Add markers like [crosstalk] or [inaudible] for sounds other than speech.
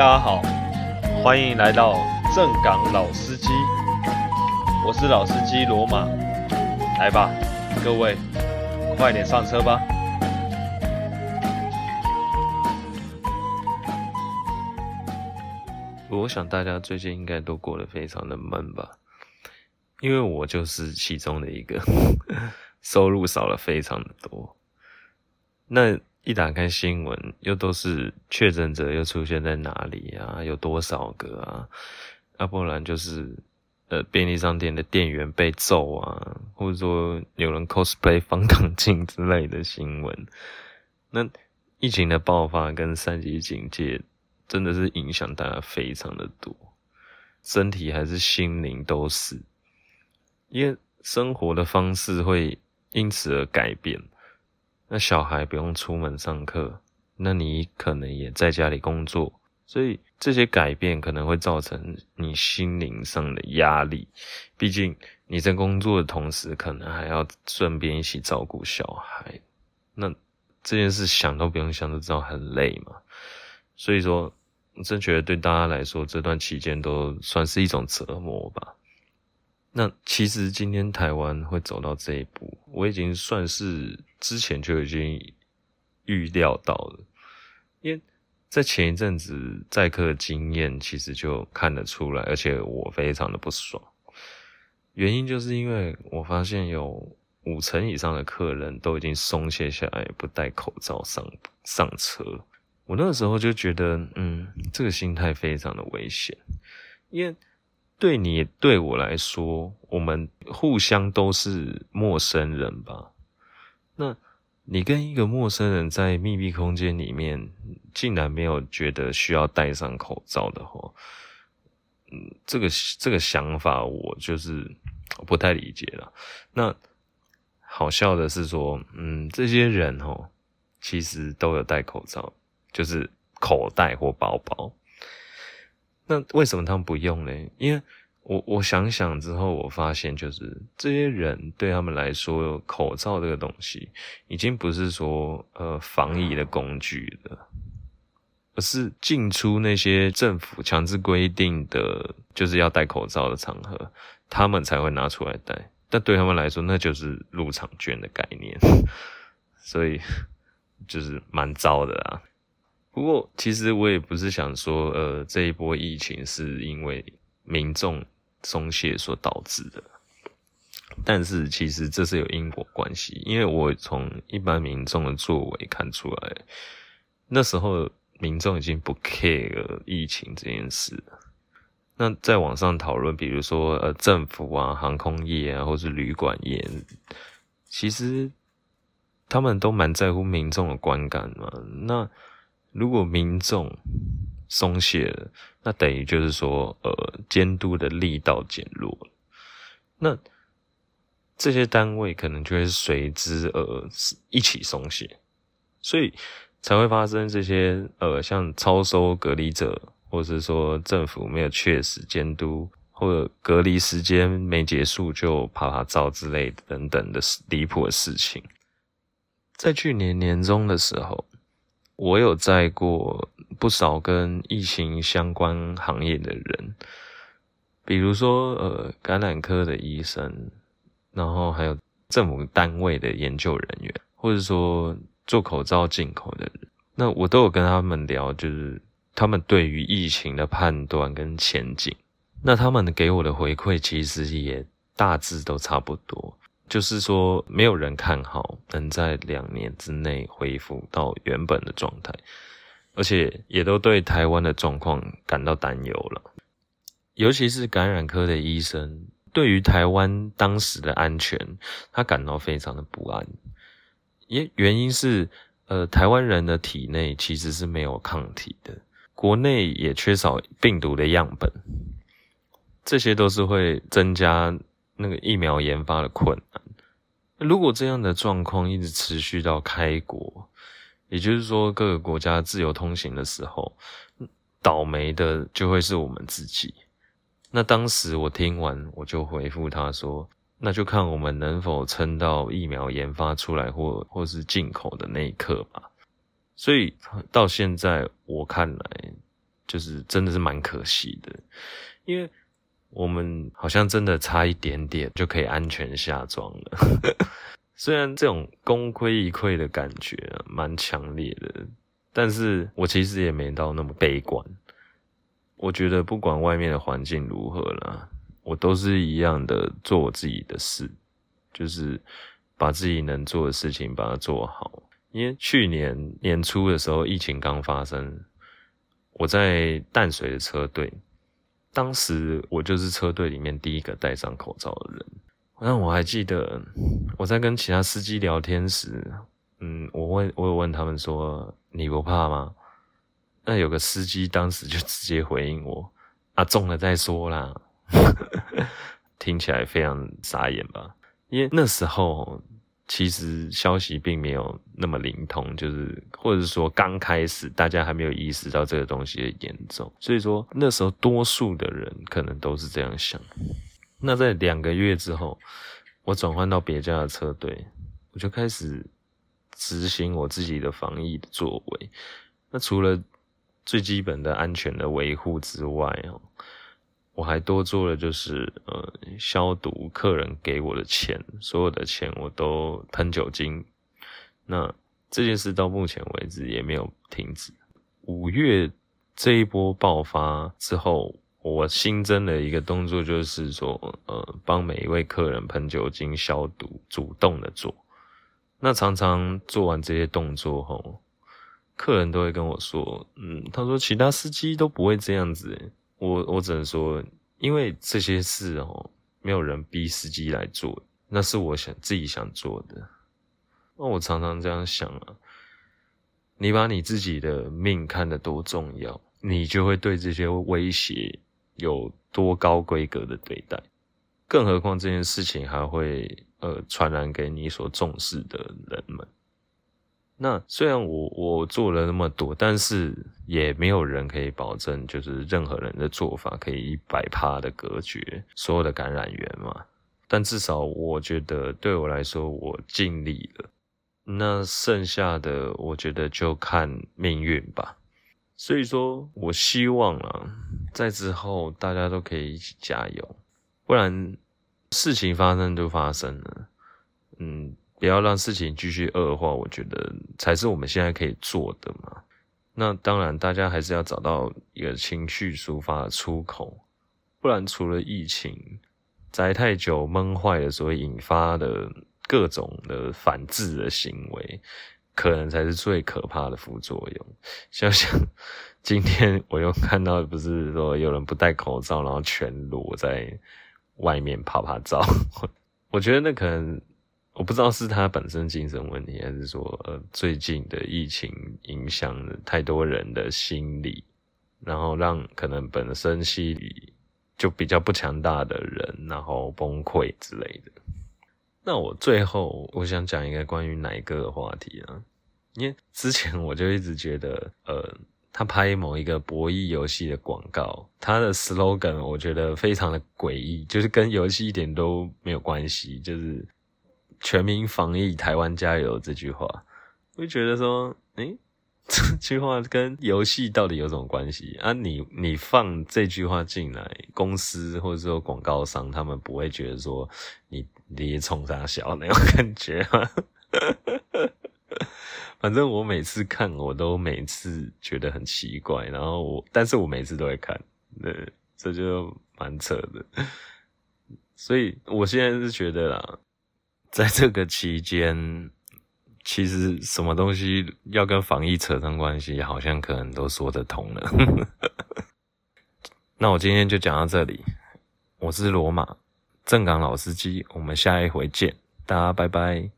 大家好，歡迎來到正港老司機，我是老司機羅馬，來吧，各位，快點上車吧。我想大家最近應該都過得非常的悶吧，因為我就是其中的一個， [laughs] 收入少了非常的多，那。一打開新聞，又都是確診者又出現在哪裡啊？有多少個啊？要、啊、不然就是呃便利商店的店員被揍啊，或者說有人 cosplay 方唐鏡之類的新聞。那疫情的爆發跟三級警戒真的是影響大家非常的多，身體還是心靈都是，因為生活的方式會因此而改變。那小孩不用出門上課，那你可能也在家裡工作，所以這些改變可能會造成你心靈上的壓力。畢竟你在工作的同時，可能還要順便一起照顧小孩，那這件事想都不用想都知道很累嘛。所以說，我真覺得對大家來說，這段期間都算是一種折磨吧。那其實今天臺灣會走到這一步，我已經算是之前就已經預料到了，因為在前一陣子載客的經驗，其實就看得出來，而且我非常的不爽，原因就是因為我發現有五成以上的客人都已經鬆懈下來，不戴口罩上上車，我那個時候就覺得，嗯，這個心態非常的危險，因為。對你對我來說，我們互相都是陌生人吧？那你跟一個陌生人在密閉空間裡面，竟然沒有覺得需要戴上口罩的話，嗯，這個這個想法我就是不太理解了。那好笑的是說，嗯，這些人哦，其實都有戴口罩，就是口袋或包包。那為什麼他們不用呢？因為我我想想之後，我發現就是這些人對他們來說，口罩這個東西已經不是說呃防疫的工具了，而是進出那些政府強制規定的就是要戴口罩的場合，他們才會拿出來戴。但對他們來說，那就是入場券的概念，所以就是蠻糟的啦、啊。不過，其實我也不是想說，呃，這一波疫情是因為民眾鬆懈所導致的。但是，其實這是有因果關係，因為我從一般民眾的作為看出來，那時候民眾已經不 care 了疫情這件事。那在網上討論，比如說，呃，政府啊、航空業啊，或是旅館業，其實他們都蠻在乎民眾的觀感嘛。那如果民眾鬆懈了，那等於就是說，呃，監督的力道減弱了，那這些單位可能就會隨之而、呃、一起鬆懈，所以才會發生這些呃，像超收隔離者，或者是說政府沒有確實監督，或者隔離時間沒結束就趴趴走之類的等等的離譜的事情。在去年年終的時候。我有載過不少跟疫情相關行業的人，比如說呃，感染科的醫生，然後還有政府單位的研究人員，或者說做口罩進口的人，那我都有跟他們聊，就是他們對於疫情的判斷跟前景，那他們給我的回饋其實也大致都差不多。就是說，沒有人看好能在兩年之內恢復到原本的狀態，而且也都對台灣的狀況感到擔憂了。尤其是感染科的醫生，對於台灣當時的安全，他感到非常的不安。也原因是，呃，台灣人的體內其實是沒有抗體的，國內也缺少病毒的樣本，這些都是會增加那個疫苗研發的困。如果這樣的狀況一直持續到開國，也就是說各個國家自由通行的時候，倒霉的就會是我們自己。那當時我聽完，我就回復他說：“那就看我們能否撐到疫苗研發出來或或是進口的那一刻吧。”所以到現在，我看來就是真的是蠻可惜的，因為。我們好像真的差一點點就可以安全下莊了， [laughs] 雖然這種功虧一簣的感覺、啊、蠻強烈的，但是我其實也沒到那麼悲觀。我覺得不管外面的環境如何啦，我都是一樣的做我自己的事，就是把自己能做的事情把它做好。因為去年年初的時候，疫情剛發生，我在淡水的車隊。當時我就是車隊裡面第一個戴上口罩的人。那我還記得，我在跟其他司機聊天時，嗯，我問，我有問他們說：“你不怕嗎？”那有個司機當時就直接回應我：“啊，中了再說啦。 [laughs] ”聽起來非常傻眼吧？因為那時候。其實消息並沒有那麼靈通，就是，或者是說剛開始大家還沒有意識到這個東西的嚴重，所以說那時候多數的人可能都是這樣想。那在兩個月之後，我轉換到別家的車隊，我就開始執行我自己的防疫的作為。那除了最基本的安全的維護之外，哦，我還多做了，就是呃，消毒客人給我的錢，所有的錢我都噴酒精。那這件事到目前為止也沒有停止。五月這一波爆發之後，我新增的一個動作就是說，呃，幫每一位客人噴酒精消毒，主動的做。那常常做完這些動作後，客人都會跟我說，嗯，他說其他司機都不會這樣子，欸。我我只能說，因為這些事哦，沒有人逼司機來做，那是我想自己想做的。那我常常這樣想啊，你把你自己的命看得多重要，你就會對這些威脅有多高規格的對待。更何況這件事情還會呃傳染給你所重視的人們。那雖然我我做了那麼多，但是也沒有人可以保證，就是任何人的做法可以一百趴的隔絕所有的感染源嘛。但至少我覺得對我來說，我盡力了。那剩下的我覺得就看命運吧。所以說，我希望啊，在之後大家都可以一起加油，不然事情發生就發生了。嗯。不要讓事情繼續惡化，我覺得才是我們現在可以做的嘛。那當然，大家還是要找到一個情緒抒發的出口，不然除了疫情宅太久悶壞的，所引發的各種的反制的行為，可能才是最可怕的副作用。想想今天我又看到，不是說有人不戴口罩，然後全裸在外面趴趴照，我覺得那可能。我不知道是他本身精神問題，還是說呃最近的疫情影響了太多人的心理，然後讓可能本身心理就比較不強大的人，然後崩潰之類的。那我最後我想講一個關於哪一個話題呢？因為之前我就一直覺得，呃，他拍某一個博弈遊戲的廣告，他的 slogan 我覺得非常的詭異，就是跟遊戲一點都沒有關係，就是。全民防疫，台灣加油！這句話，我就覺得說，誒、欸、這句話跟遊戲到底有什麼關係？啊你，你你放這句話進來，公司或者說廣告商，他們不會覺得說你你衝啥小那種感覺嗎？ [laughs] 反正我每次看，我都每次覺得很奇怪。然後我，但是我每次都會看，對，這就蠻扯的。所以我現在是覺得啦。在這個期間，其實什麼東西要跟防疫扯上關係，好像可能都說得通了。 [laughs] 那我今天就講到這裡，我是羅馬，正港老司機，我們下一回見，大家拜拜。